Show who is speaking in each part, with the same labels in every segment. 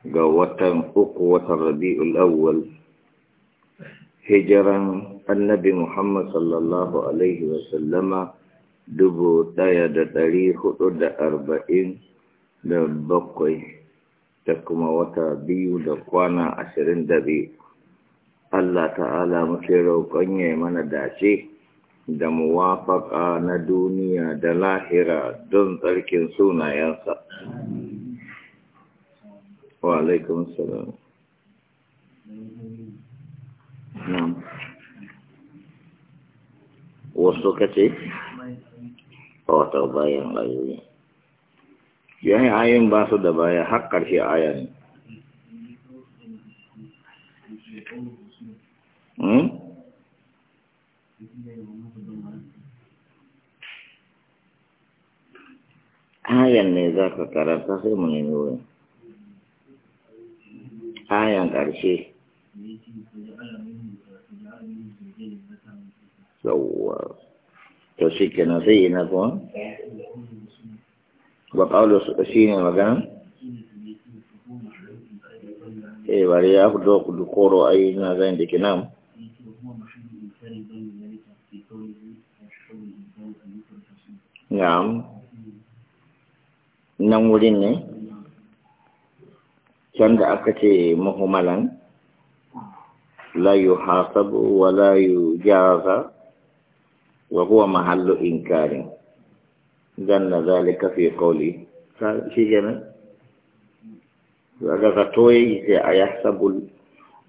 Speaker 1: ga watan uku watan rabi'u awwal hijiran annabi Muhammad sallallahu alaihi sallama dubu ɗaya da ɗari hudu da arba'in da bakwai da kuma wata biyu da kwana ashirin da biyu Allah ta'ala muke roƙon ya mana dace da muwafaka na duniya da lahira don tsarkin sunayensa. وعليكم السلام نعم wasu kace a wata bayan ayoyi yayin ayoyin ba su da baya har ƙarshe ne hmm? ayan ne za ka karanta sai mu nemi wurin ayan ƙarshe yawwa to shi kenan sai na kuma ba ƙaunar su shi ne magana eh bari ya fito ku dukoro a yi na zai da kinam na'am nan wurin ne can da aka ce muhimmalan la yi hasabu wa la yi jaza wa kuwa mahallu inkarin zan na zalika fi koli shi gina daga zato ya yi sai a yasabul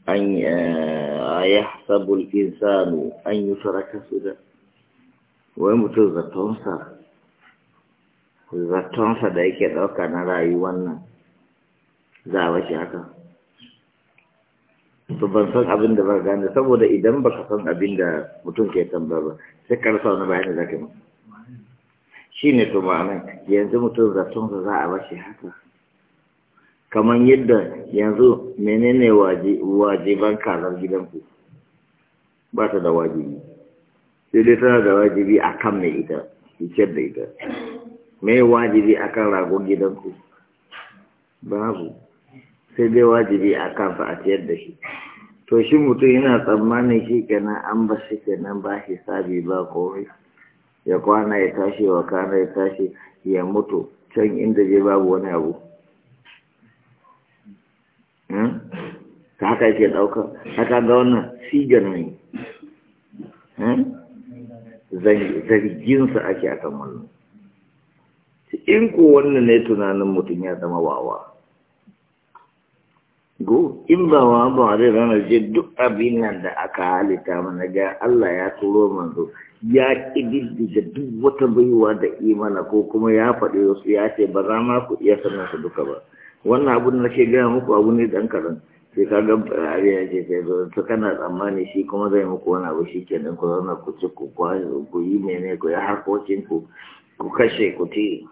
Speaker 1: an eh, yasabul insanu an yi suraka su da wai mutum zatonsa zatonsa da yake dauka na rayuwan nan za a bashi haka to ban san abin da ba gane saboda idan baka san abin da mutum ke tambaya ba sai karsa wani bayan da zaka yi shi ne to ma'anar yanzu mutum zaton za a bashi haka kamar yadda yanzu menene wajiban kazar gidanku ba ta da wajibi sai dai tana da wajibi a kan mai ita ciyar da ita mai wajibi a kan ragon gidanku babu sai dai wajibi a kansa a ciyar da shi to shi mutum yana tsammanin shi kenan an ba shi kenan ba hisabi ba komai ya kwana ya tashi wa kana ya tashi ya mutu can inda je babu wani abu hmm? ta haka yake ɗauka haka ga wannan sigar ne hmm? zarginsa ake kan wannan in ko wannan ne tunanin mutum ya zama wawa go in ba wa ba zai ranar je duk abin nan da aka halitta mana ga Allah ya turo manzo ya da duk wata baiwa da imana ko kuma ya faɗi wasu ya ce ba za ma ku iya sanar su duka ba wannan abun na ke gaya muku abu ne dan karan sai ka ga ariya ce sai zo ta kana tsammani shi kuma zai muku wani abu shi ke ku zauna ku ci ku kwaye ku yi mene ku ya harkokin ku ku kashe ku ci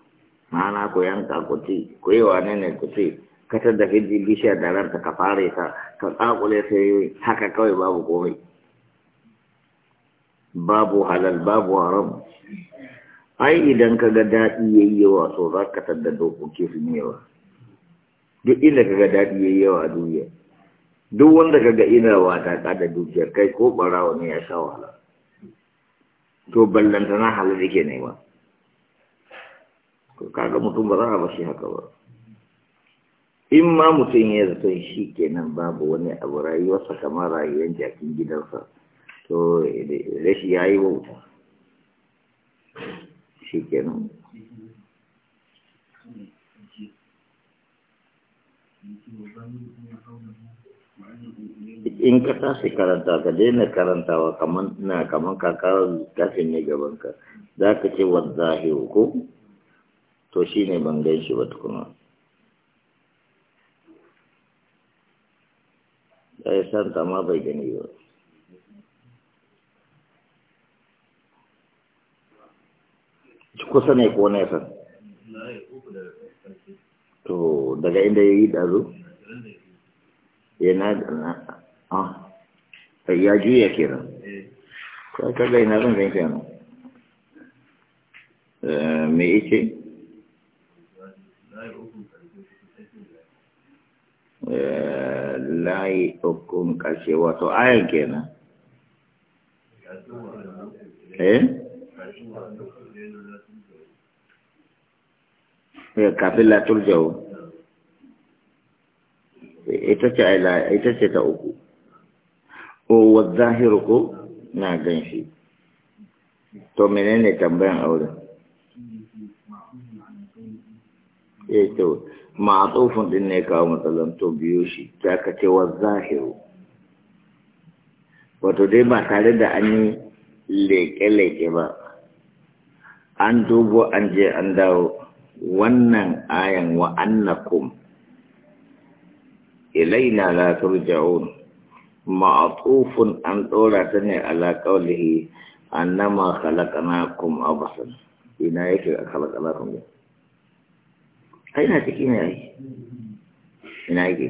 Speaker 1: ma'ana ku yanka ku ci ku yi wane ne ku ci ka tattafi bishiyar da ranta ka fara ta ka kakule sai haka kawai babu komai babu halal babu haram ai idan ka ga daɗi yi yawa so za ka tadda dokoki sun yi yawa duk inda ka ga daɗi yi yawa a duniya duk wanda ka ga ina wata ta da dukiyar kai ko ɓarawa ne ya sha wahala to ballantana halal yake nema Ka kaga mutum ba za a bashi haka ba in ma mutum ya zato shi kenan babu wani abu rayuwarsa kamar rayuwar jakin gidansa to rashi ya yi wauta shi kenan in ka tashi karanta ka daina karantawa kamar na kaman kakar tashin ne gabanka za ka ce wadda ko to shi ne ban gan shi ba tukuna da ya santa ma bai gani ba kusa ne ko nesa to daga inda ya yi ɗazu yana na a ah, ya juya kenan ta kaga ina zan zan kenan eh, me yake Eh, layi ukun ƙarshe wato ayan kenan eh, eh kafin latul jawo ita ce ita ce ta uku o wa zahiru ko na gan to menene tambayan aure? eh to ma'atufin din ne kawo matsalan to biyo shi ta ka ce wa zahiru wato dai ba tare da an yi leke-leke ba an dubo an je an dawo wannan ayan wa annakum ilaina la turja'un ma'atufun an dora ta ne ala qawlihi annama khalaqnakum abasan ina yake khalaqnakum ne kai na ciki ne ai ina yake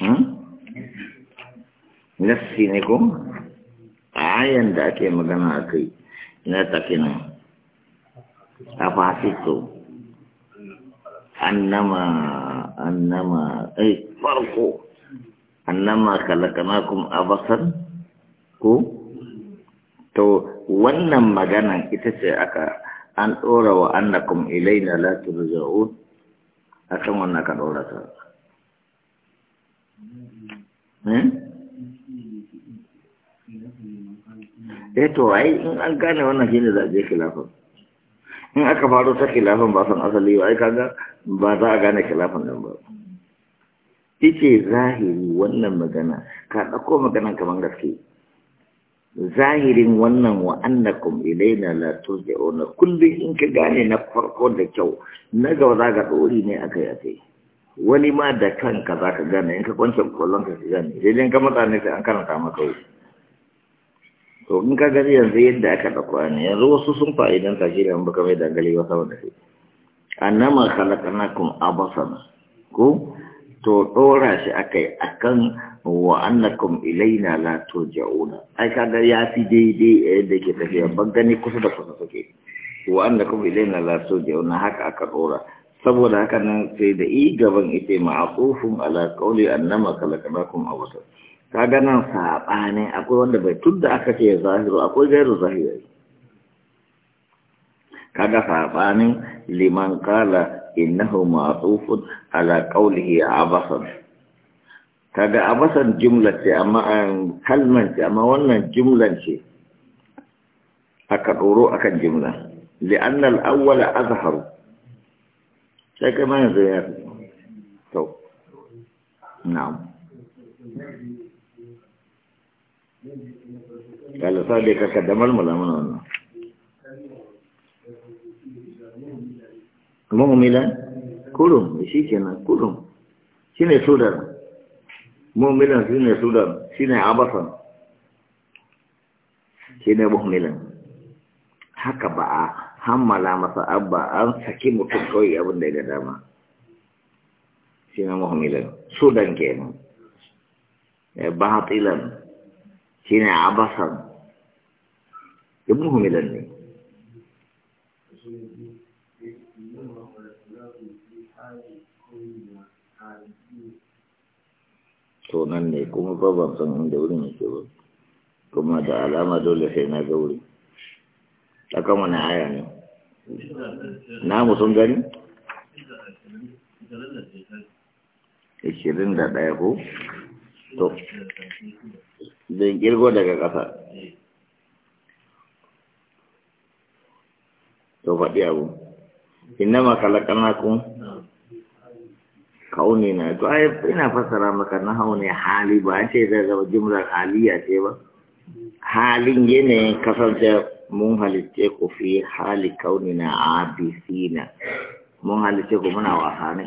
Speaker 1: hmm? nassi ne ko ayan da ake magana a kai ina take nan a to annama annama ai farko annama kalakanakum abasan ko to wannan magana ita ce aka an ɗora wa annakum ilaina la turja'un akan wannan ka ɗora ta hmm? eh to ai in an gane wannan shine za a je khilafin in aka faro ta khilafin ba san asali ba ai kaga ba za a gane khilafin nan ba ita zahiri wannan magana ka ɗauko magana kamar gaske zahirin wannan wa annakum ilaina la turja'una kullum in ka gane na farko da kyau na gaba za ka dori ne akai akai wani ma da kanka za ka gane in ka kwance kullun ka gane sai dai ka matsa ne sai an karanta maka wuce to in ka gani yanzu yadda aka ɗauko ne yanzu wasu sun fa'idan ta shi da an baka mai dangali ba saboda shi annama khalaqnakum abasan ko to dora shi akai akan wa annakum ilaina la turja'una ai kaga ya fi daidai da ke tafiya ban gani kusa da kusa take wa annakum ilaina la turja'una haka aka dora saboda haka nan sai da i gaban ite ma'qufun ala qawli annama khalaqnakum awsat kaga nan sabane akwai wanda bai tudda aka ce zahiru akwai gairu zahiri kaga sabane liman qala innahu ma'qufun ala qawlihi abasan kaga a basar jumla ce amma an kalman ce amma wannan jumlan ce aka ɗoro akan jumla li'annal awwala azharu sai kai ma yanzu ya fi so. na'am kala dai ka kaddamar mu lamuna wannan mu'mila kurum shi kenan kurum shine sudar mu'minan shi ne sudan shi ne abasan shi ne mu'minan haka ba a hammala masa abba an saki mutum kawai abin da ya dama shi ne mu'minan sudan kenan batilan shi ne abasan ibn mu'minan ne to nan ne kuma ba ban san inda wurin yake ba kuma da alama dole sai na ga wuri kama na aya ne na mu sun gani ishirin da ɗaya ko to zai girgo daga ƙasa to faɗi abu inna ma kalakana kun kauni na to ai ina fassara maka na hauni hali ba an ce zai zama jumlar haliya ce ba halin yanayin kasance mun halitte ku fi hali kauni na na mun halitte ku muna wasa ne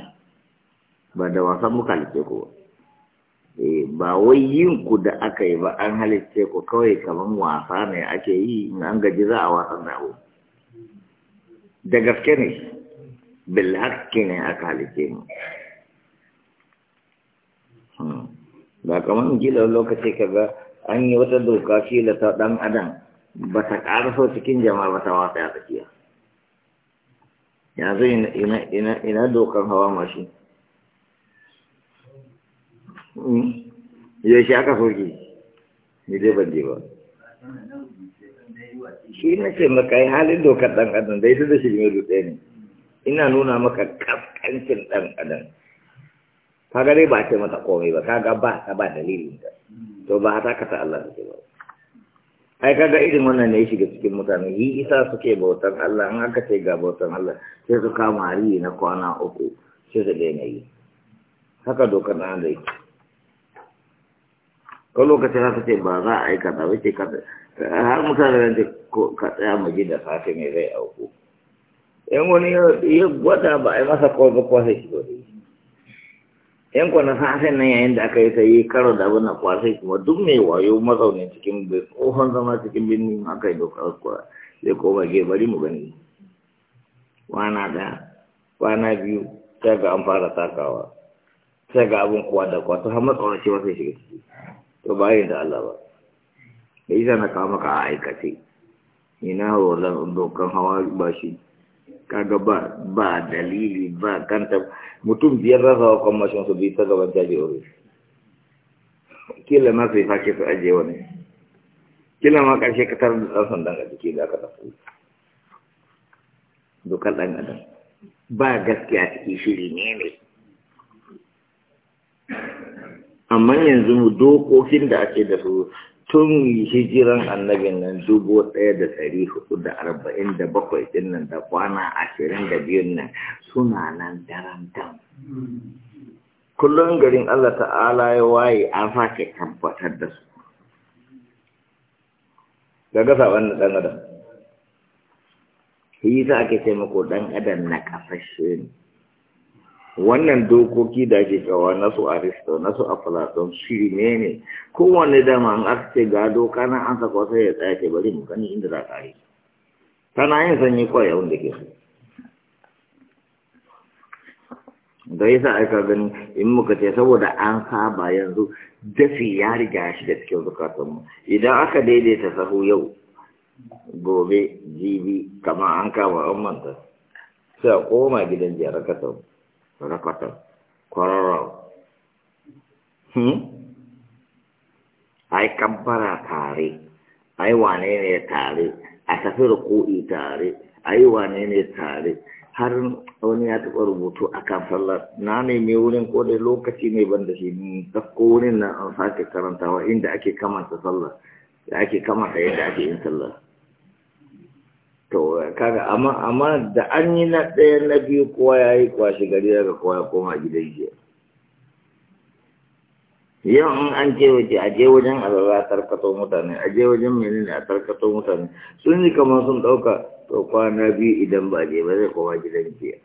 Speaker 1: ba da wasan muka halitte ku ba wai yin ku da aka yi ba an halitte ku kawai kamar wasa ne ake yi in an gaji za a wasan da da gaske ne bilhakki ne aka halitte mu ba kamar kila lokaci kaga an yi wata doka kila ta dan adam ba ta ƙaraso cikin jama'a ba ta wata ya tsakiya yanzu ina dokar hawa mashin hmm? yaushe aka soke ni dai ban je ba shi na ce maka yi halin dokar ɗan adam da ita da shi ne ina nuna maka kaskancin ɗan adam kaga dai ba a ce mata komai ba kaga ba ta ba dalilin ta to ba ta kata Allah take ba ai kaga irin wannan ne shiga cikin mutane yi isa suke bautan Allah in aka ce ga bautan Allah sai su kama hari na kwana uku sai su daina yi haka dokar na da yake ko lokacin haka ce ba za a aikata wace kata har mutane da ka tsaya mu ji da safe mai zai auku yan wani ya gwada ba a yi masa kawai ba kwasai shi ba yan kwanan sa'afin nan yayin da aka yi ta yi karo da abin na kwasai kuma duk mai wayo mazaunin cikin tsohon zama cikin birnin aka yi dokar kuwa zai koma ke bari mu gani kwana da kwana biyu ta ga an fara takawa ta ga abin kuwa da kuwa ta har matsaura cewa sai shiga ciki to bayan da Allah ba ya yi na kawo maka a aikace ina horon dokan hawa ba shi kaga ba ba dalili ba kanta mutum biyar za su hau kwamashin su biyu ta gaban jajewaru kila ma sai sake su ajiye wani kila ma ƙarshe ka tarar da ɗan sandan a jiki da aka tafi dokar ɗan adam ba gaskiya cikin shiri ne ne
Speaker 2: amma yanzu
Speaker 1: dokokin da ake da su tun hijiran annabin nan dubu ɗaya da ɗari hudu da arba'in da bakwai ɗin nan da kwana ashirin da biyun nan suna nan daren dam kullum garin Allah ta'ala ya waye an sake tabbatar da su daga saɓon ɗan adam yi ta ake taimako ɗan adam na ƙasashe ne wannan dokoki da ke kawa na su aristo na su aflaton shi ne ne kowane dama an aka ce ga doka na an saka sai ya tsaya ce bari mu gani inda za ka yi tana yin sanyi kawai yawon da ke so da yasa aika gani in muka ce saboda an saba yanzu dafi ya riga shi da cikin zukatanmu idan aka daidaita sahu yau gobe jibi kamar an kama an manta sai a koma gidan jiyar ka sau rakatan kwararrawa hmm? ai tare ai wane ne tare a tafi ruku'i tare ai wane ne tare har wani ya taɓa rubutu a kan sallar na neme wurin ko da lokaci ne ban da shi ɗauko wurin na an sake karantawa inda ake kamanta sallar da ake kamanta yadda ake yin sallar to kaga amma amma da an yi na ɗaya na biyu kowa ya yi kwashe gari daga kowa ya koma gidan jiya yau in an ce waje a je wajen alala a tarkato mutane a je wajen menene a tarkato mutane sun yi kamar sun ɗauka to kwana biyu idan ba je ba zai koma gidan jiya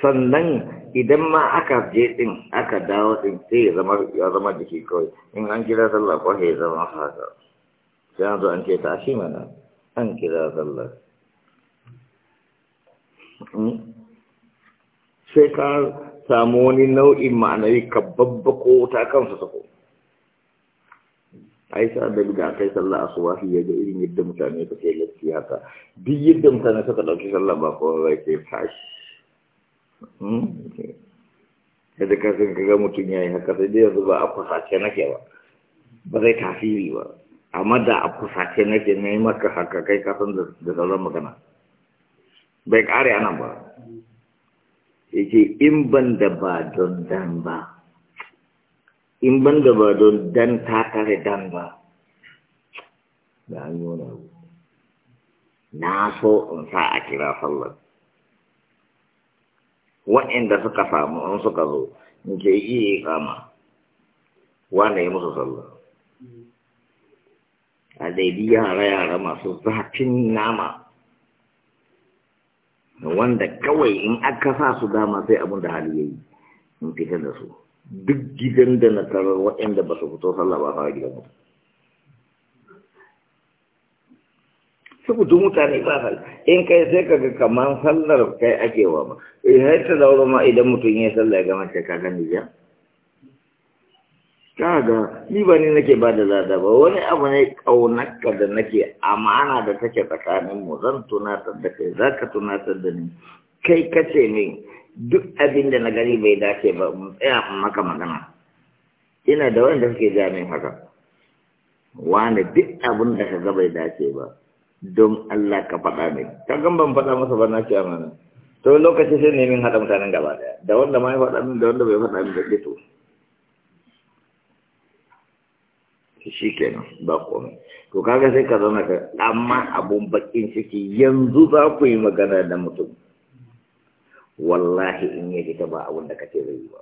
Speaker 1: sannan idan ma aka je ɗin aka dawo ɗin sai ya zama jiki kawai in an kira sallah kawai ya zama haka sai an zo tashi mana an kira sallar hmm? sai ka samu wani nau'in ma'anari ka babbako ta kansu sako aisha da da kai sallah asubahi ya ga irin yadda mutane ke gaskiya haka duk yadda mutane suka dauki sallah ba kowa bai ke tashi kada hmm? ka san kaga mutum ya yi haka sai dai yanzu ba a kusace nake ba ba zai tasiri ba amma da a kusace nake na yi maka haka kai kasan da sauran magana bai kare ana ba yake in ban da ba don dan ba in ban da ba don dan ta kare dan ba da an abu na so in sa a kira sallar wa'inda suka samu in suka zo in ke iya kama wane musu sallar a daidai yara-yara masu zafin nama wanda kawai in aka sa su dama sai abin da hali ya yi in fitar da su duk gidan da na tarar waɗanda ba su fito sallah ba fara gidan mutu fito mutane ba hal in kai sai kaga kamar sallar kai ake wa ba eh har ta zaura ma idan mutum ya sallah ya gama ta kaga kaga ni ba ni nake ba da lada ba wani abu ne kaunarka da nake amana da take tsakanin mu zan tunatar da kai za ka tunatar da ni kai kace min duk abin da na gani bai dace ba mu tsaya maka magana ina da wanda suke ja min haka wani duk abin da ka gaba bai dace ba don Allah ka faɗa min ka gan ban faɗa masa ba na ce amana to lokaci sai ne min haɗa mutanen gaba daya da wanda ma ya faɗa min da wanda bai faɗa min da ke to shi kenan ba kome to kaga sai ka zauna ka amma abun bakin ciki yanzu za ku yi magana da mutum wallahi in ya fita ba abun da kake zai yi ba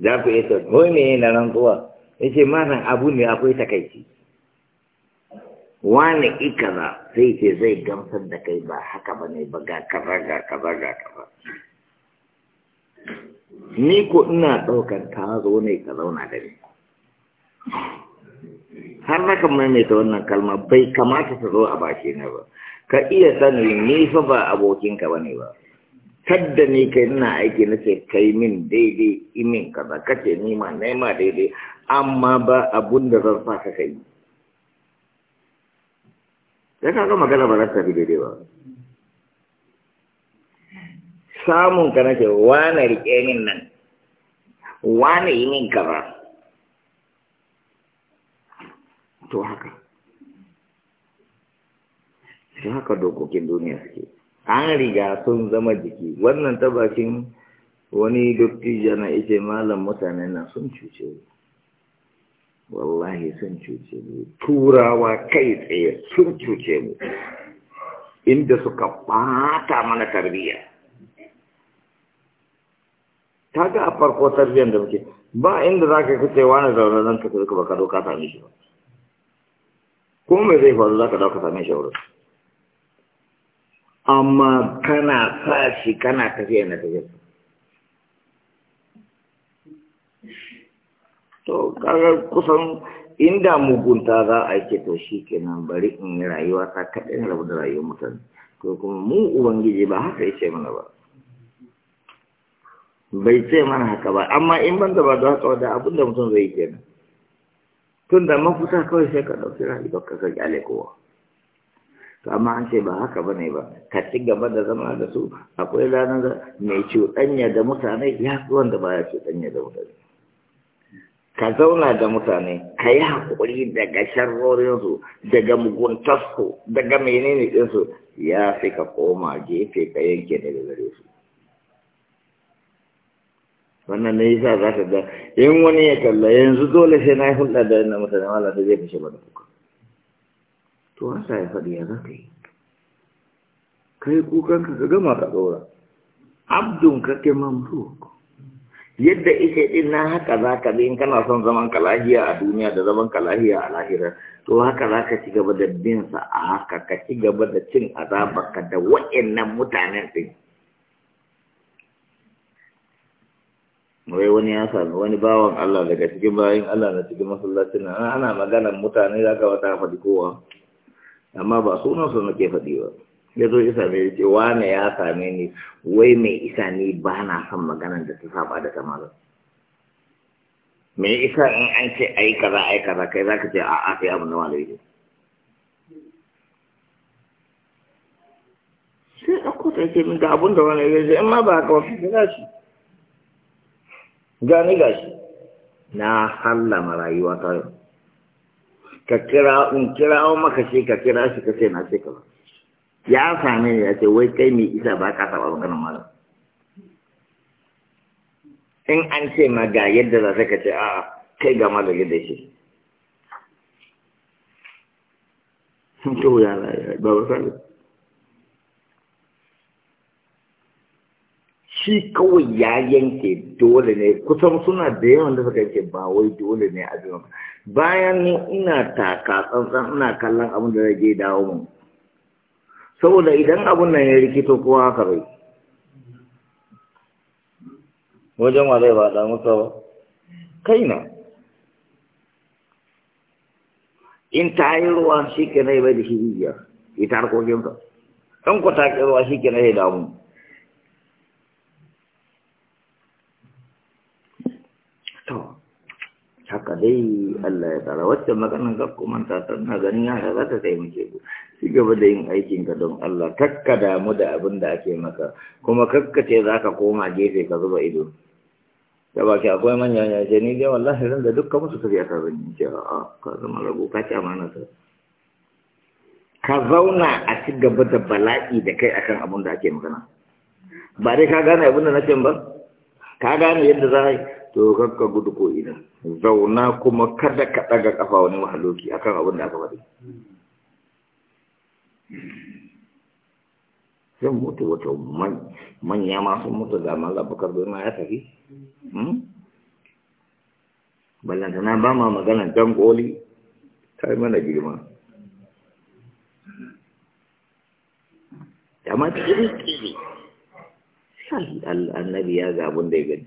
Speaker 1: za ku iya ta ko me na rantsuwa yace malam abu ne akwai takaici wani ikaza sai ce zai gamsar da kai ba haka ba ne ba ga kaza ga kaza ga kaza ni ko ina ɗaukar ka zo ne ka zauna da ni har na kan maimaita wannan kalma bai kamata ta zo a bashi na ba ka iya sani ni fa ba abokinka ba ne ba tadda ni kai ina aiki na ce kai min daidai imin kaza ka ce ma nema daidai amma ba abun da zan sa ka kai ya kaga magana ba za ta fi daidai ba samun ka nake wane riƙe min nan wane yi min kaza to haka shi haka dokokin duniya suke an riga sun zama jiki wannan ta bakin wani doktijo na ita malam mutane na sun cuce wallahi sun cuce mu turawa kai tsaye sun cuce mu inda suka bata mana tarbiyya kaga a farko tarbiyyar da muke ba inda za ka kace wani zaune nan ka kuka ba ka zo ba kuma mai zai faru za ka dauka ta shi wurin amma kana sa kana tafiya na tafiya to kaga kusan inda mugunta za a ce to shi kenan bari in rayuwa ta kaɗin rabu da rayuwar mutane to kuma mu ubangiji ba haka yake ce mana ba bai ce mana haka ba amma in ban da ba da haka da abin da mutum zai yi tun da mafuta kawai sai ka ɗauki rayuwar ka kai ala'ikowa. kowa to amma an ce ba haka ba ne ba ka ci gaba da zama da su akwai ranar mai cuɗanya da mutane ya fi wanda ba ya cuɗanya da mutane ka zauna da mutane ka yi haƙuri daga sharrorinsu daga muguntarsu daga menene ɗinsu ya fi ka koma gefe ka yanke da gare su wannan ne yasa za ka ga in wani ya kalla yanzu dole sai na yi hulɗa da yana mutane wala zai kashe bada kuka to sa ya faɗi ya za ka yi kai kukan ka ka gama ka ɗora abdun ka ke yadda ike ɗin na haka za ka bi in kana son zaman ka lahiya a duniya da zaman ka a lahira to haka za ka ci gaba da binsa a haka ka ci gaba da cin azabarka da waɗannan mutanen ɗin Wai wani ya sami wani bawan Allah daga cikin bayan Allah na cikin masallaci na ana magana mutane za ka wata faɗi kowa amma ba sunansu ke faɗi ba ya zo isa mai ce wane ya same ni wai mai isa ni ba na son maganar da ta saba da kamar mai isa in an ce a yi kaza a yi kaza kai za ka ce a afi abu na wani wajen sai ɗauko ta ke min ga abin da wani wajen amma in ma ba haka wasu shi gani gashi na hallama rayuwa ta yau ka kira in kirawo maka shi ka kira shi ka ce na ce ka ba ya same ni ya ce wai kai mai isa ba ka saba maganar malam in an ce ma ga yadda za ka ce a kai ga malam da shi to ya ba ba shi kawai ya yanke dole ne kusan suna da yawan da suka yanke ba wai dole ne a jiran bayan ni ina taka tsantsan ina kallon abin da je dawo mun saboda idan abin nan ya rikito kowa haka bai wajen wa zai ba da musa ba kai na in ta yi ruwa shi ke na yi bai da shi rijiya ita harkokinsa ɗan ku ta ruwa shi ke na yi damu dai Allah ya tsara wacce maganin kakku manta tana ganin yara za ta muke ku ci gaba da yin aikin ka don Allah takka damu da abin da ake maka kuma kakka ce za ka koma gefe ka zuba ido da baki akwai manyan ya ce ni dai wallahi zan da dukkan musu tafiya ta zan yi ce a ka zama rago ka ci amana ta ka zauna a ci gaba da bala'i da kai akan abin da ake magana ba dai ka gane abin da na ce ba ka gane yadda za a yi to kakka gudu ko ina zauna kuma kada ka daga kafa wani mahaloki akan abin da aka faɗi sai mutu wato manya masu mutu da mala bakar ma ya tafi hmm? na ba ma maganan jan koli ta yi mana girma ya ma kiri-kiri sai annabi ya ga da ya gani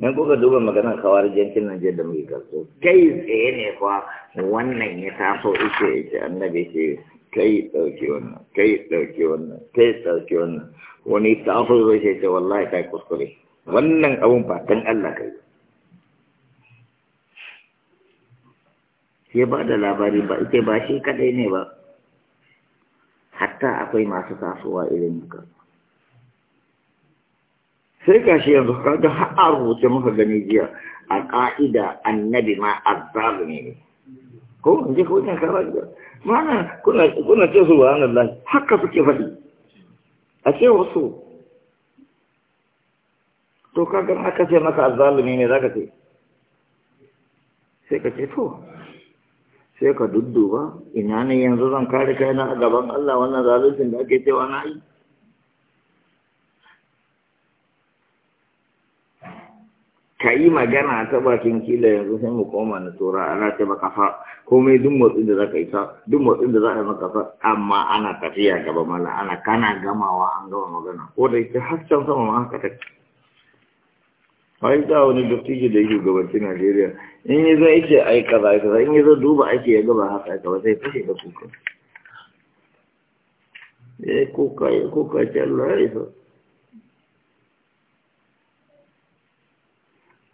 Speaker 1: in kuka duba maganar kawar jankin Najeriya da muke karso kai tsaye ne kuwa wannan ya taso ishe ishe annabi ce kai ɗauki wannan kai ɗauki wannan kai ɗauki wannan wani taso zai ce ce wallahi kai kuskure wannan abun ba dan Allah kai ya ba da labari ba ita ba shi kadai ne ba hatta akwai masu tasowa irin muka sai shi yanzu kaga har a rubuce muka gani jiya a ƙa'ida annabi ma azzalimi ne ko in ji ko ina kara jiya mana kuna kuna ce su wa Allah haka suke faɗi a ce wasu to kaga aka ce maka azzalimi ne zaka ce sai ka ce to sai ka dudduba ina ne yanzu zan kare kaina a gaban Allah wannan zaluncin da ake cewa na yi ka yi magana ta bakin kila yanzu sai mu koma na tura ana ce maka fa komai duk motsin da za ka yi sa duk motsin da za a yi maka fa amma ana tafiya gaba mala ana kana gamawa an gama magana ko da ita har can sama ma haka ta. ai wani dattijo da yake gabatin Najeriya in yi zai yake ai kaza kaza in yi zai duba ake ya gaba haka ai kaza sai fashe da kuka eh kuka kuka ce Allah ya isa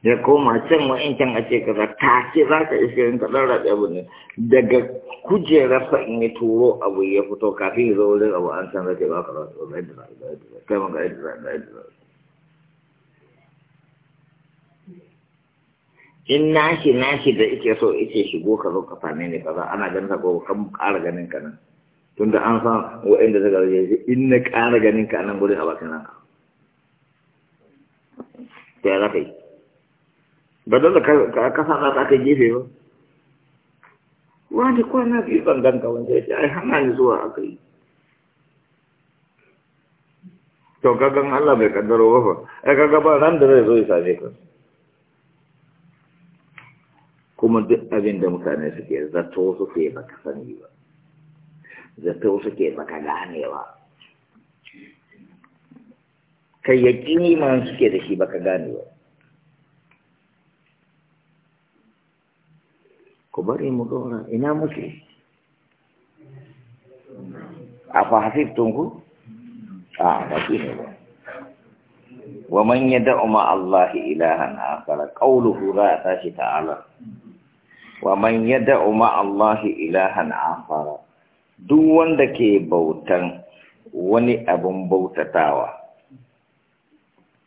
Speaker 1: ya koma can wa'incan a ce kaza ce za ka iske in ka ɗan raɗe abu ne daga kujerarsa in ya turo abu ya fito kafin ya zo wurin abu an san zai ba ka rasu zai da kai maka zai da zai da in nashi nashi da ike so ike shigo ka zo ka same ni kaza ana ganin ka gobe kan ƙara ganin ka nan tunda an san wa'inda suka rage in na ƙara ganin ka nan gurin a bakin nan ka ya za ka yi ba dole ka kasa ta aka gefe ba wani kwana biyu ban ganka wanda ya ce ai hana ni zuwa aka yi to kagan Allah bai kaddaro ba fa ai kaga ba ran da zai zo ya same ka kuma duk abin da mutane suke zato suke baka sani ba zato suke baka ganewa kai yaƙini ma suke da shi baka ganewa ku bari mu dora ina muke a fahimtun ku a ba shi ne ba wa man yad'u ma Allah ilahan akhar qawluhu a tashi ta'ala wa man yad'u ma Allah ilahan akhar duk wanda ke bautan wani abun bautatawa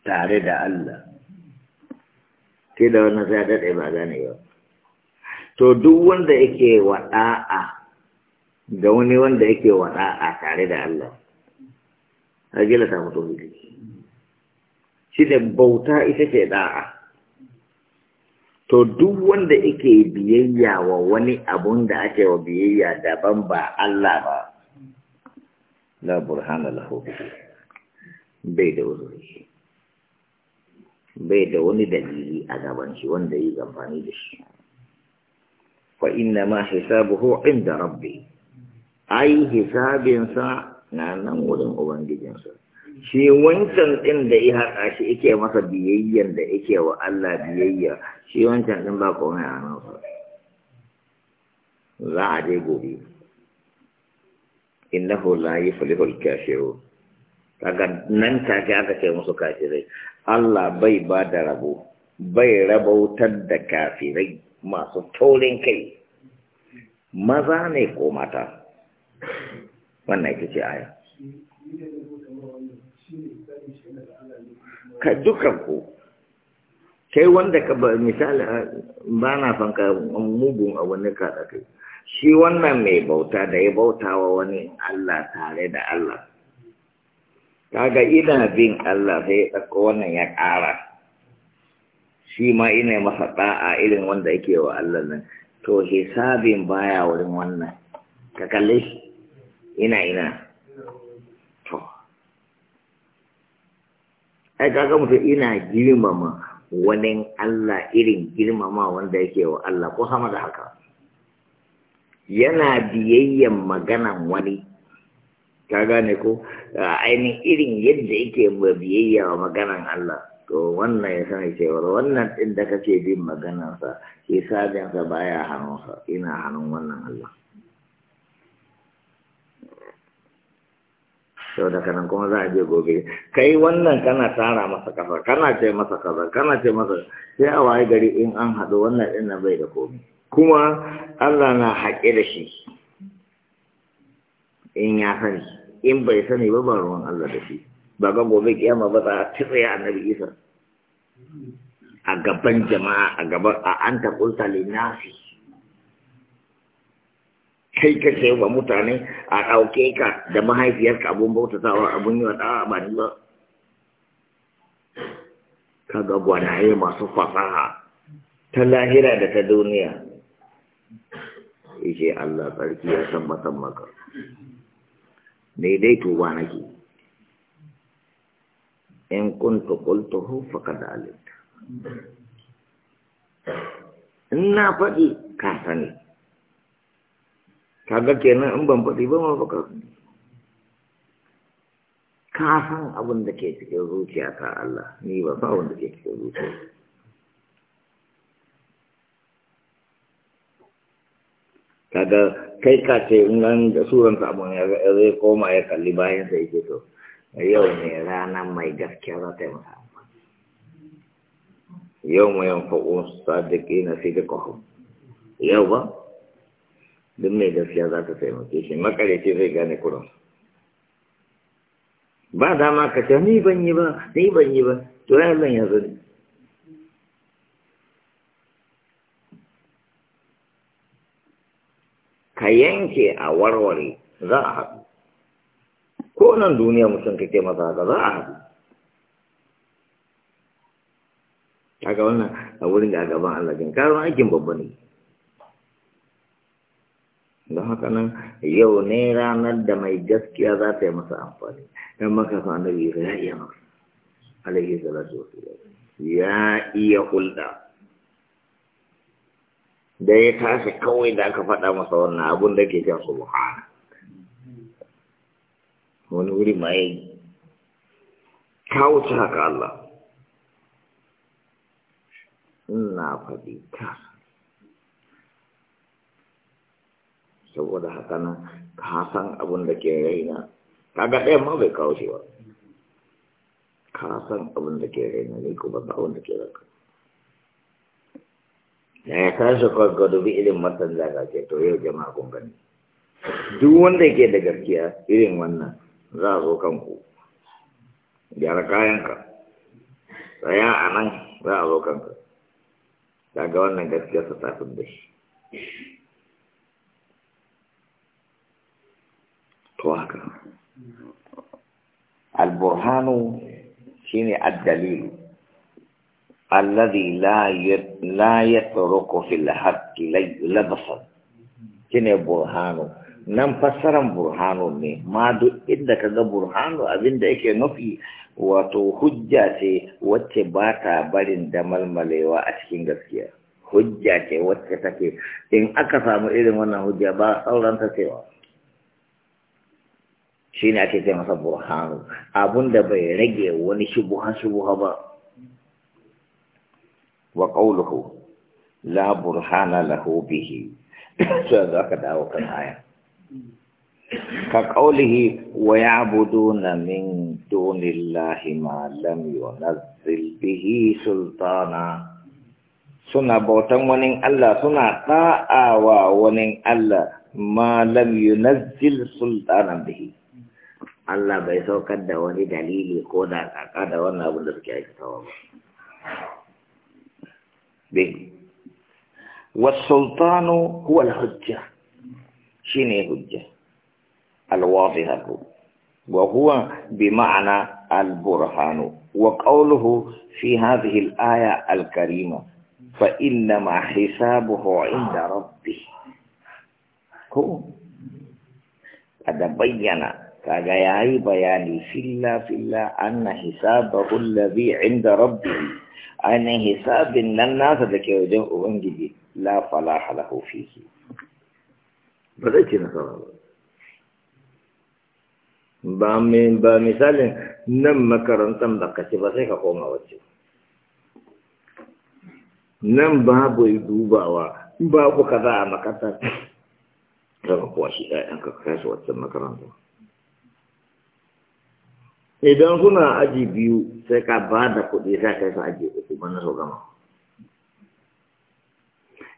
Speaker 1: tare da Allah ke da wannan sai dade ba gane ba to duk wanda yake wada'a ga wani wanda yake wada'a tare da Allah rajila ta mutu hudi shi da bauta ita ce da'a to duk wanda yake biyayya wa wani abun da ake wa biyayya daban ba Allah ba la burhana lahu bai da uzuri bai da wani dalili a gaban shi wanda yi amfani da shi فإنما ma عند ربي rabbi. Ai hisabinsa na nan أبنجي ubangijinsa. shi wancan ɗin da ya haɗa shi ike masa biyayyen da ike wa Allah biyayya shi wancan ɗin ba komai a nan za a je gobe innahu la al kafirun kaga nan take aka ce musu kafirai Allah bai ba da rabo bai rabautar da kafirai masu taurin kai maza ne ko mata wannan ita ce aya ka dukan ku kai wanda ka ba misali ba na son ka mugun a wani kada kai shi wannan mai bauta da ya bauta wa wani Allah tare da Allah kaga ina bin Allah sai ya ɗauko wannan ya ƙara shi ma ina masa ɗa'a irin wanda yake wa Allah nan to hisabin baya wurin wannan ka kalle ina ina to ai kaga mutum ina girmama wani Allah irin girmama wanda yake wa Allah ko sama da haka yana biyayyan maganan wani ka gane ko ainihin irin yadda yake biyayya wa maganan Allah to wannan ya sani cewar wannan ɗin da kake bin maganarsa hisabinsa ya hannunsa ina hannun wannan Allah sau da kanan kuma za a je gobe kai wannan kana tara masa kafa kana ce masa kaza kana ce masa sai a waye gari in an haɗu wannan ɗin nan bai da komi kuma Allah na haƙe da shi in ya sani in bai sani ba ba ruwan Allah da shi ba ga gobe kiyama ba za a tsaya annabi isa a gaban jama'a a gaban a an kulta linnafi kai ka ce wa mutane a ɗauke ka da mahaifiyarka abun bautatawa abun yi wa ɗawa ba ni ba ka ga gwanaye masu fasaha ta lahira da ta duniya ishe Allah tsarki ya san maka ne dai tuba nake in kuntu qultuhu faqad alimta ina faɗi ka sani kaga kenan in ban faɗi ba ma baka ka san abin da ke cikin zuciya ta Allah ni ba san abin da ke cikin zuciya kaga kai ka ce nan da suranta abun ya zai koma ya kalli bayan sai ke to yau ne rana mai gaskiya za ta yi masa yau mai yanfa'o sadiki na fi da kwahu yau ba duk mai gaskiya za ta taimake shi makarici zai gane kuran ba dama ka ce ni ban yi ba ni ban yi ba to ya zan yanzu ne ka yanke a warware za a haɗu ko nan duniya mutum kake masa haka za a haɗu kaga wannan a wurin da a gaban Allah jin karon aikin babba ne don haka nan yau ne ranar da mai gaskiya za ta yi masa amfani don maka sa annabi ya iya maka alaihi salatu wasallam ya iya hulɗa da ya tashi kawai da aka faɗa masa wannan abun da ke cewa subhana wani wuri maye ka wuce haka Allah ina faɗi ka. saboda haka nan ka san abin da ke raina kaga ɗaya ma bai kawo shi ba ka san abin da ke raina ne kuma ba abin da ke raka na ya tashi kwa dubi irin matan zaka ce to yau jama'a kun gani duk wanda ke da gaskiya irin wannan Zazo kanku gyara kayanka ka. Saya nan zazo kanku. zo kanka daga wannan gaskiyarsa ta fi da shi to haka alburhanu shine addalilu alladhi la la yatruku fil haqqi labsan shine burhanu nan fassaran burhanu ne ma duk inda ka ga burhanu abinda yake nufi wato hujja ce wacce ba ta barin malmalewa a cikin gaskiya hujja ce wacce take in aka samu irin wannan hujja ba sauran ta cewa shi ne ake ce masa burhanu da bai rage wani shubuha shubuha ba wa ƙauluhu la burhana lahu bihi sai za ka dawo kan aya Ka كقوله ويعبدون من دون الله ما لم ينزل به sultana suna bautan wani Allah suna ɗa'awa wani Allah ma lam yunazzil sultanan bihi Allah bai saukar da wani dalili ko da kaka da wani abu da suke aikatawa ba Wa wasultanu huwa al-hujja شيني هجة الواضحة وهو بمعنى البرهان وقوله في هذه الآية الكريمة فإنما حسابه عند ربه هو قد بين kaga ya yi bayani filla-filla anna hisabahu allazi inda rabbi ainihin hisabin nan nasa da ke wajen ubangiji la falaha lahu fihi ba zai ce nasara ba ba ba misalin nan makarantar da ka ba sai ka koma wacce nan babu dubawa babu kaza a makarantar daga kuwa shi ɗayan ka kashi waccan makarantar idan suna aji biyu sai ka ba da kuɗi sai ka yi su aji uku ba na sau gama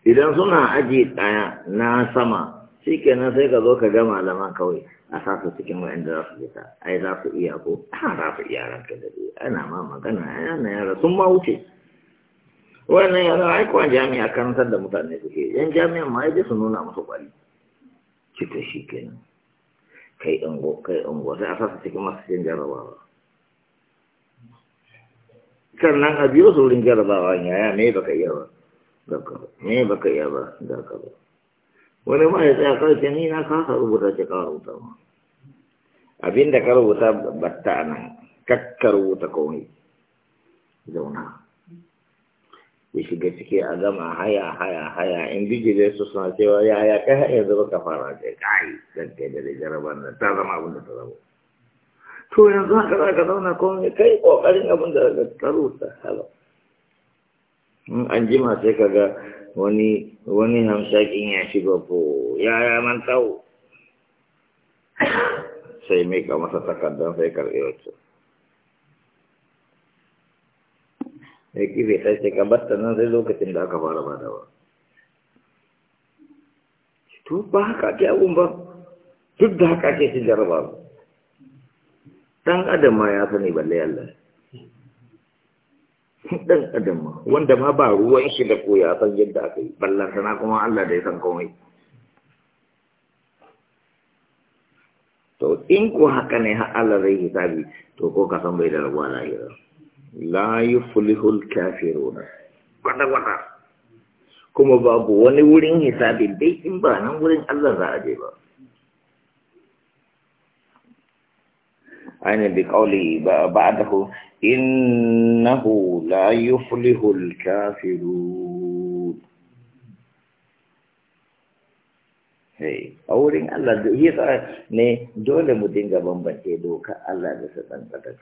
Speaker 1: idan suna aji ɗaya na sama shi kenan sai ka zo ka ga malama, kawai a sa su cikin wa'anda za su fita ai za su iya ko a ah, za su iya ranka da dai ana ma magana na yara sun ma wuce wannan yara ai kuwa jami'a karantar da mutane suke yan jami'a ma ya su nuna musu kwali cikin shi kenan kai ungo kai ungo sai a sa su cikin masu cikin jarabawa sannan a biyo su wurin jarabawa yaya me baka iya ba me baka iya ba da ka ba wani ma ya tsaya kawai ce ni na kasa rubuta ce kawai rubuta ma abin da ka rubuta batta a nan kakka rubuta komai zauna ya shiga ciki a gama haya haya haya in bijire su suna cewa ya haya kai har yanzu baka fara ce kai dan kai da jarabar nan ta zama abin da ta zama to yanzu haka za ka zauna komai kai kokarin abin da ka rubuta halau in an jima sai kaga wani wani hamsakin ya shiga ko yaya man tau sai mai ka masa takardar sai karɓi wacce ya kife ta ce ka basta nan zai lokacin da aka fara ba da ba to ba haka ke abun ba duk da haka ke shi jaraba dan adam ma ya sani balle Allah dan adam wanda ma ba ruwan shi da koya san yadda aka yi ballan sana kuma Allah da ya san komai to in ko haka ne ha Allah zai hisabi to ko ka san bai da rabuwa yi la yuflihul kafiruna kwata kwata kuma babu wani wurin hisabi dai in ba nan wurin Allah za a je ba عن بقوله بعده إنه لا يفلح الكافرون hey aurin Allah da tsara ne dole mu dinga bambance doka Allah da satan sadaka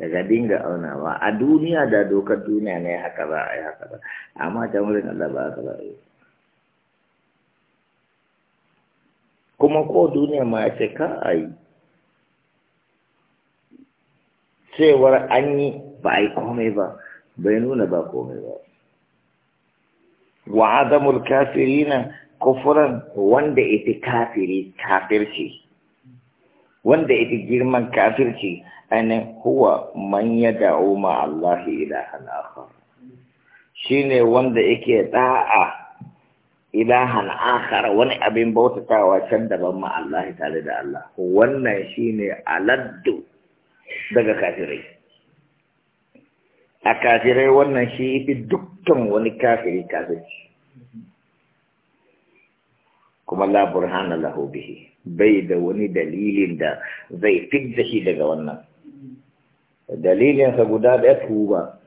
Speaker 1: daga dinga aunawa a duniya da dokar duniya ne haka ba ai haka ba amma wurin Allah ba haka ba kuma ko duniya ma ya ce ka ai cewar an yi ba a yi komai ba bai nuna ba komai ba wa adamul kafirina kufuran wanda ita kafiri kafirci wanda ita girman kafirci ainihin huwa man ya da'o ma Allah ilahan akhar shine wanda yake da'a ilahan akhar wani abin bautatawa can daban ma Allah tare da Allah wannan shi ne aladdu daga kafirai a kafirai wannan shi fi dukkan wani kafiri kafirci kuma la burhana lahu bai da wani dalilin da zai da shi daga wannan dalilinsa guda ɗaya tuba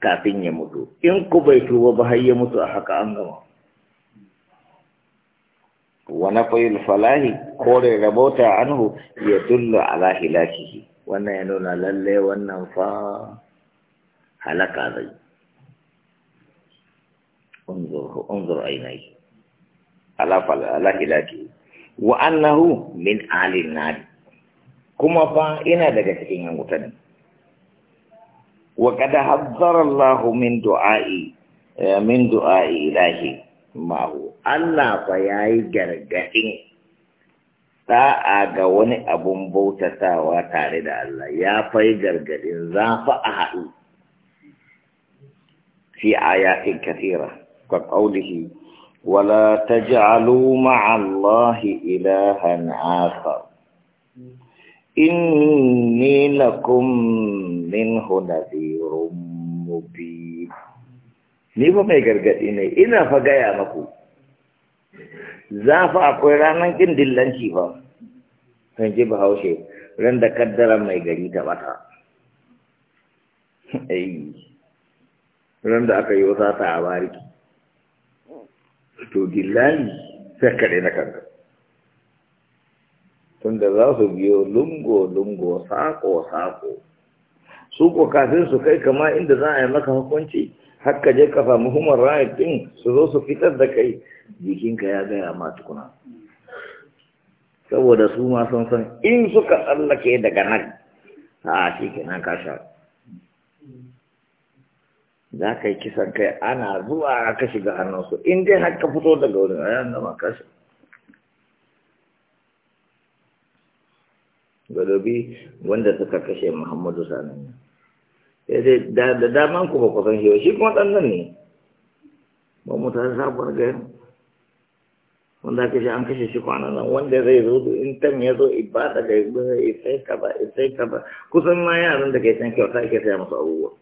Speaker 1: kafin ya mutu in ku bai tuba ba har ya mutu a haka an gama wa fayil falahi kore rabota anhu ya dullu ala hilakihi wannan ya nuna lalle wannan fa halaka zai unzur ainai ala hilaki wa annahu min alin nari kuma fa ina daga cikin yan wuta ne wa kada hazzar Allahu min du'ai eh, min du'ai ilahi ma'ahu Allah fa yayi gargadin da'a ga wani abun bautatawa tare da Allah ya fai gargadin zafi a haɗu fi ayatin kasira ga ƙaunihi wala ta aluma ma'allahi ilahan In inni lakum min nadhirun mubi ni ba mai gargadi ne ina fa gaya maku za fa akwai ranar kin dillanci ba kan ji bahaushe ran da kaddara mai gari ta bata ai ran da aka yi wasa ta a bariki to dillali sai kare na kanka da za su biyo lungo-lungo sako-sako su ko kafin su kai kama inda za a yi maka hukunci hakka je ka samu human right din su zo su fitar da kai jikinka ya gaya ma tukuna saboda su ma san san in suka tsallake daga nan a shi ke nan kasha. za ka yi kisan kai ana zuwa ka shiga hannunsu in dai har ka fito daga wurin a yan nama kasha Gadobi wanda suka kashe muhammadu sanannu Eh, da daman ku ba ku san shi shi kuma ɗan nan ne ba mu tare sabuwar gari wanda aka shi an kashe shi kwanan nan wanda zai zo in tan ya zo iba da sai ka ba sai ka ba kusan ma yaran da ke can kyauta ke saya masu abubuwa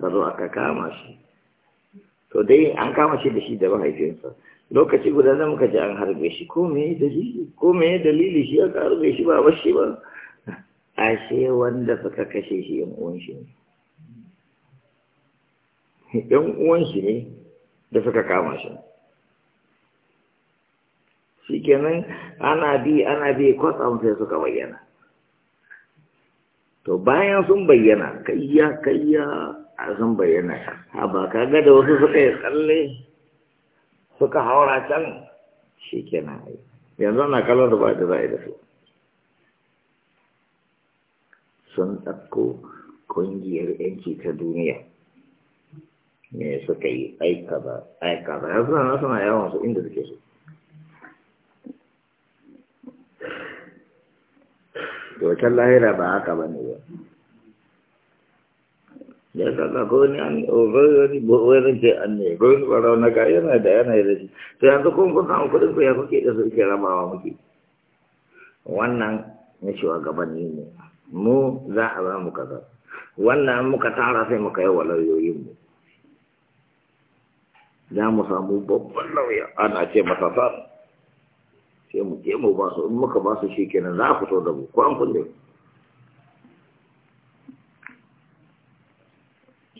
Speaker 1: ka zo aka kama shi to dai an kama shi da shi da mahaifinsa lokaci guda na muka ji an harbe shi ko me dalili ko me dalili shi aka harbe shi ba ba shi ba ashe wanda suka kashe shi yan uwan shi ne yan uwan shi ne da suka kama shi shikenan ana bi ana bi kwatsam sai suka bayyana to bayan sun bayyana kayya kayya a sun bayyana ha ba kaga da wasu suka yi tsalle suka haura can shikenan yanzu ana kallon da ba da za'a da su sun ɗauko ƙungiyar yanki ta duniya ne suka yi aika ba aika ba ya suna suna yawon su inda suke so dokin lahira ba haka ba ne ba da ya saka ko ni an ogori wani ce an ne ko ni barau na ka yana da yana da shi to yanzu kun kun samu kuɗin ku ya kuke da su ke rabawa muke wannan na shugabanni ne mu za a ba mu kaza wannan muka tara sai muka yi wa lauyoyinmu za mu samu babban lauya ana ce masa sar sai mu je mu ba su in muka ba su shi kenan za ku so da mu ko an kulle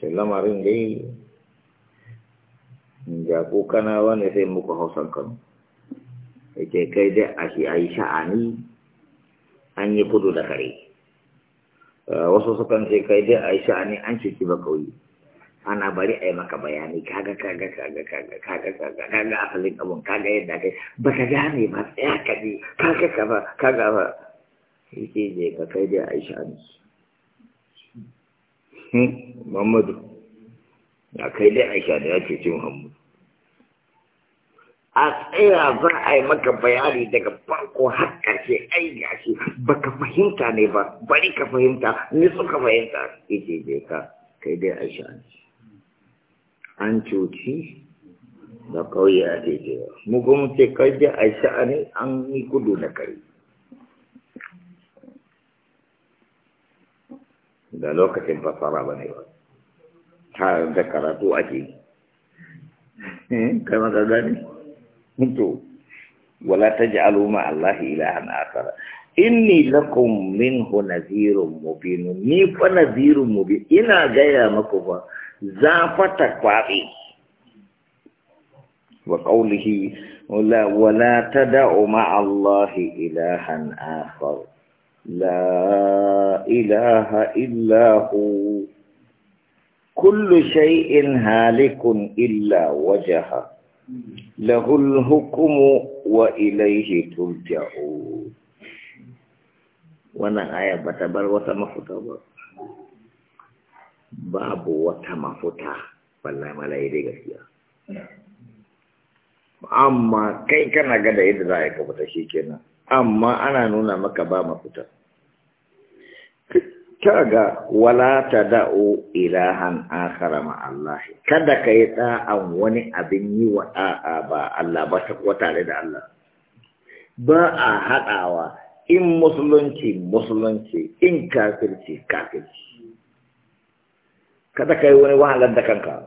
Speaker 1: sai lamarin dai ja ko kana wani sai muku hausan kano yake kai dai a shi a yi sha'ani an yi kudu da kare Eh, wasu sukan ce kai dai a yi sha'ani an cuci ba kauyi ana bari a yi maka bayani kaga kaga kaga kaga kaga kaga kaga asalin abun kaga yadda kai ba ka gane ba tsaya ka bi kaga ka ba kaga ba yake je ka kai dai a yi sha'ani hmm, Muhammadu ya kai dai a yi sha'ani ya cuci Muhammadu a tsaya za a yi maka bayani daga farko har ƙarshe ai gashi baka fahimta ne ba bari ka fahimta ni suka fahimta ije je ka kai dai a sha'ani an coci, da kauye a daidai ba mu kuma ce kai dai a sha'ani an yi kudu na kai da lokacin fasara ba ne ba ta da karatu ake eh, kai maka gani انتو ولا تجعلوا مع الله إلها آخر إني لكم منه نذير مبين ني فنذير مبين إنا جاية مكوفا زافة قاري وقوله ولا, ولا تدع مع الله إلها آخر لا إله إلا هو كل شيء هالك إلا وجهه hukumu wa ilaihi ترجعون wannan aya ba ta bar wata mafuta ba babu wata mafuta wallahi malai dai gaskiya amma kai kana ga da yadda za a yi kabata shi kenan amma ana nuna maka ba mafuta ga wala ta da'o ilahan akhara ma Allah kada ka yi da'an wani abin yi wa ba Allah ba ta kuwa tare da Allah ba a haɗawa in musulunci musulunci in kafirci kafirci kada ka yi wani wahalar da kanka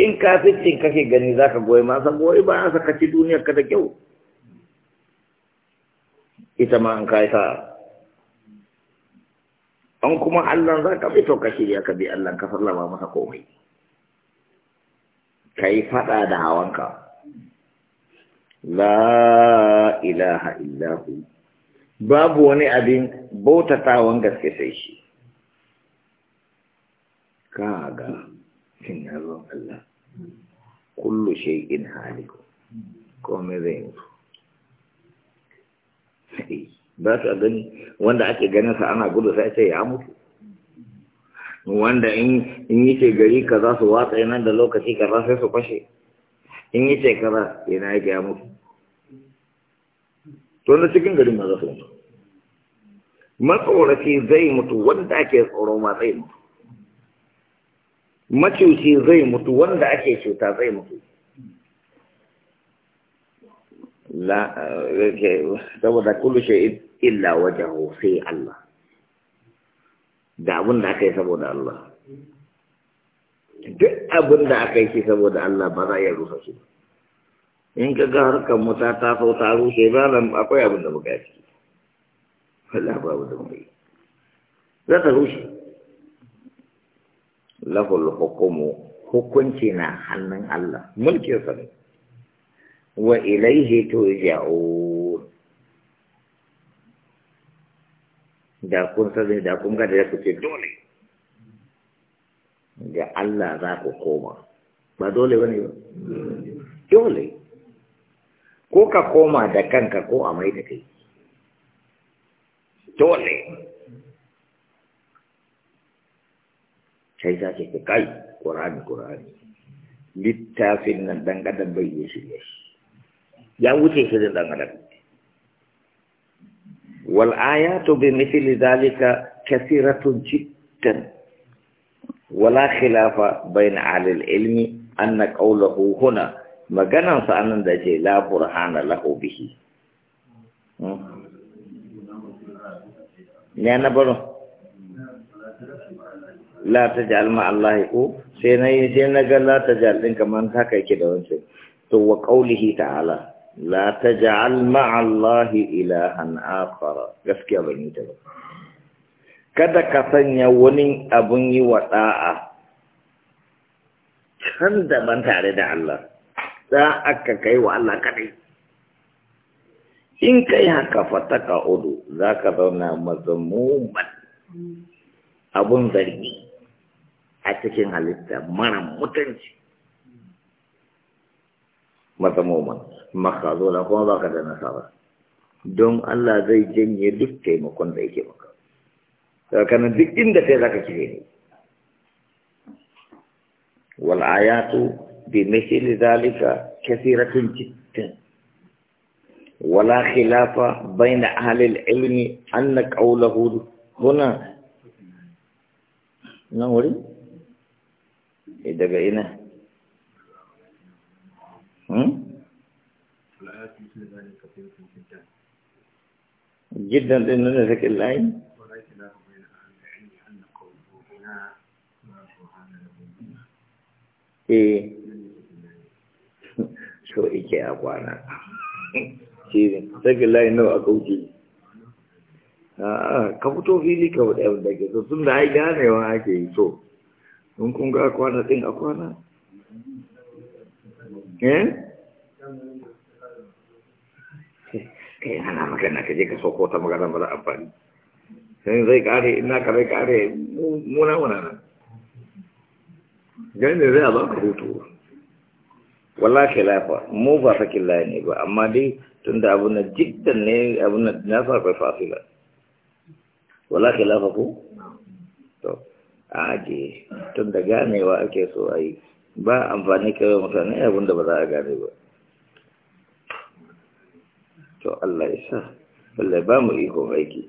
Speaker 1: in kafircin kake gani za ka goyi masa goyi ba a sakaci duniyar ka da kyau ita ma an kai sa'a an kuma Allah za ka bi ka shirya ka bi Allah ka sallama masa komai kai fada da hawanka la ilaha illahu babu wani abin bautatawan gaske sai shi kaga cin yaron Allah kullu shay'in haliku komai zai mutu ba su gani wanda ake ganin sa ana gudu sai ce ya mutu wanda in yi ce gari ka za su watsa nan da lokaci ka za sai su fashe in yi ce kaza ina yake ya mutu to na cikin garin ma za su mutu matsorafi zai mutu wanda ake tsoro ma zai mutu macuci zai mutu wanda ake cuta zai mutu eh, saboda kullu shay'in illa wajahu sai Allah da abin da aka yi saboda Allah duk abin da aka yi saboda Allah ba za a yi rusa shi in ka ga harkar muta ta sau ta rushe ba nan akwai abin da muka yi Allah ba abin da muka yi za ta rushe lahul hukumu hukunci na hannun Allah mulkin sa ne wa ilaihi turja'u da kun sani da kun gada ya kuce dole ga Allah za ku koma ba dole ba ne ba dole ko ka koma da kanka ko a mai da kai dole sai za ce kai ƙorani ƙorani littafin nan ɗan adam bai yi shirye ya wuce shirin ɗan adam Wal'ah ya taɓa nufi zanen kasiratun jinkirta, wala kilafa, bai na alal elmi, an na ƙauna, u huna maganarsa annanda zai lafo rahman alahu bishi. Hmm? Ya na ba non? La taja'al ma Allah ko? Sai nayi yi je na ga la taja'alin kaman ta ka yi ki da wancan. To wa ƙaunihi ta la ta ja'al ma'allahi ilahan akhara gaskiya ban yi ta ba kada ka sanya wani abun yi wa da'a can daban tare da Allah da'a ka kai wa Allah kadai in kai haka ka udu za ka zauna mazamman abun zargi a cikin halitta mara mutunci mazamoman maka zo na kuma baka da nasara don Allah zai janye duk taimakon da yake maka sakanin duk inda kai zaka kire ne wal ayatu bi mithli dhalika kathiratun jiddan ولا خلاف بين أهل العلم أن قوله هنا نقول إذا قلنا جدا لأنه ذاك العين a kwana shirin layi ka fito fili ka wadda yau daga so sun da ai ganewa ake yi so kun ga kwana din a kwana eh kai ana magana ka je ka soko ta magana ba za a amfani sai zai kare ina ka zai kare muna muna na. gani da zai a baka hutu wala khilafa mu ba sakin layi ne ba amma dai tunda abu na jiddan ne abu na nasa akwai fasila wala khilafa ko to a aje tunda ganewa ake so a ba amfani kawai mutane abin da ba za a gane ba to Allah ya sa Allah ba mu iko aiki